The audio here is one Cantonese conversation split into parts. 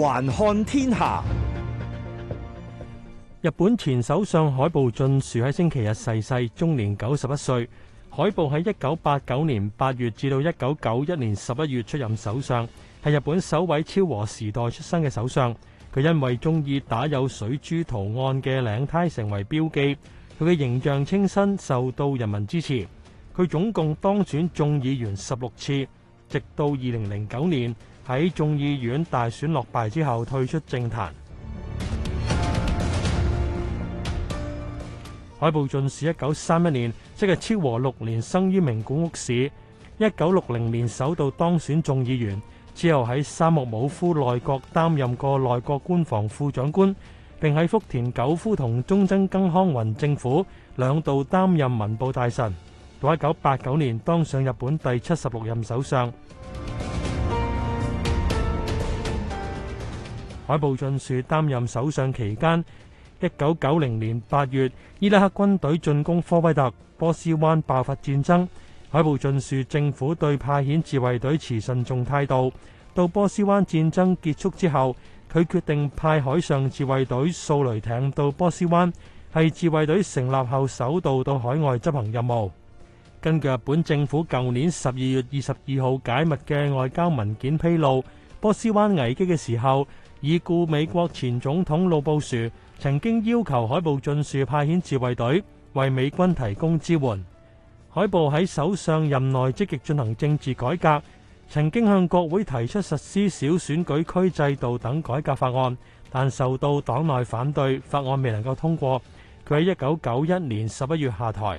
環看天下，日本前首相海部俊樹喺星期日逝世，終年九十一歲。海部喺一九八九年八月至到一九九一年十一月出任首相，係日本首位昭和時代出生嘅首相。佢因為中意打有水珠圖案嘅領呔成為標記，佢嘅形象清新，受到人民支持。佢總共當選眾議員十六次。直到二零零九年喺眾議院大選落敗之後退出政壇。 海部俊樹一九三一年即係昭和六年生於名古屋市，一九六零年首度當選眾議員，之後喺三木武夫內閣擔任過內閣官房副長官，並喺福田久夫同中曾根康弘政府兩度擔任文部大臣。到一九八九年當上日本第七十六任首相。海部俊樹擔任首相期間，一九九零年八月伊拉克軍隊進攻科威特，波斯灣爆發戰爭。海部俊樹政府對派遣自衛隊持慎重態度。到波斯灣戰爭結束之後，佢決定派海上自衛隊掃雷艇到波斯灣，係自衛隊成立後首度到海外執行任務。根據日本政府舊年十二月二十二號解密嘅外交文件披露，波斯灣危機嘅時候，已故美國前總統老布殊曾經要求海部俊樹派遣自衛隊為美軍提供支援。海部喺首相任內積極進行政治改革，曾經向國會提出實施小選舉區制度等改革法案，但受到黨內反對，法案未能夠通過。佢喺一九九一年十一月下台。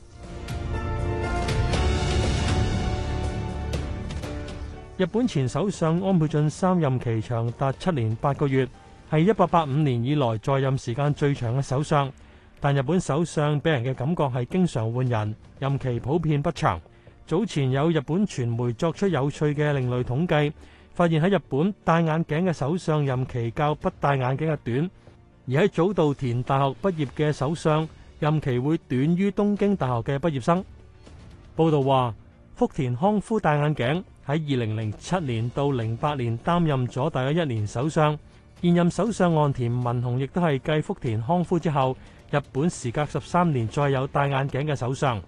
日本前首相安倍晉三任期長達七年八個月，係一八八五年以來在任時間最長嘅首相。但日本首相俾人嘅感覺係經常換人，任期普遍不長。早前有日本傳媒作出有趣嘅另類統計，發現喺日本戴眼鏡嘅首相任期較不戴眼鏡嘅短，而喺早稻田大學畢業嘅首相任期會短於東京大學嘅畢業生。報道話，福田康夫戴眼鏡。喺二零零七年到零八年擔任咗大約一年首相，現任首相岸田文雄亦都係繼福田康夫之後，日本時隔十三年再有戴眼鏡嘅首相。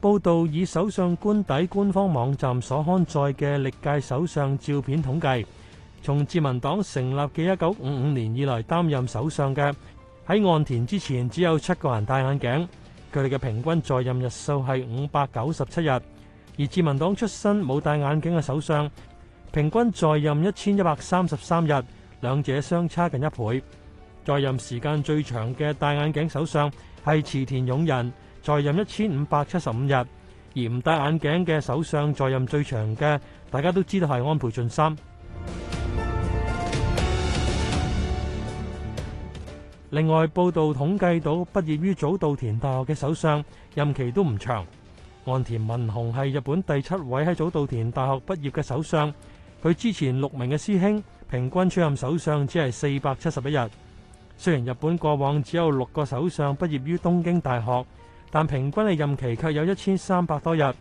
報道以首相官邸官方網站所刊載嘅歷屆首相照片統計，從自民黨成立嘅一九五五年以來擔任首相嘅，喺岸田之前只有七個人戴眼鏡，佢哋嘅平均在任日數係五百九十七日。而自民黨出身冇戴眼鏡嘅首相，平均在任一千一百三十三日，兩者相差近一倍。在任時間最長嘅戴眼鏡首相係池田勇人，在任一千五百七十五日，而唔戴眼鏡嘅首相在任最長嘅，大家都知道係安倍晉三。另外，報道統計到畢業於早稻田大學嘅首相任期都唔長。岸田文雄係日本第七位喺早稻田大學畢業嘅首相，佢之前六名嘅師兄平均出任首相只係四百七十一日。雖然日本過往只有六個首相畢業於東京大學，但平均嘅任期卻有一千三百多日。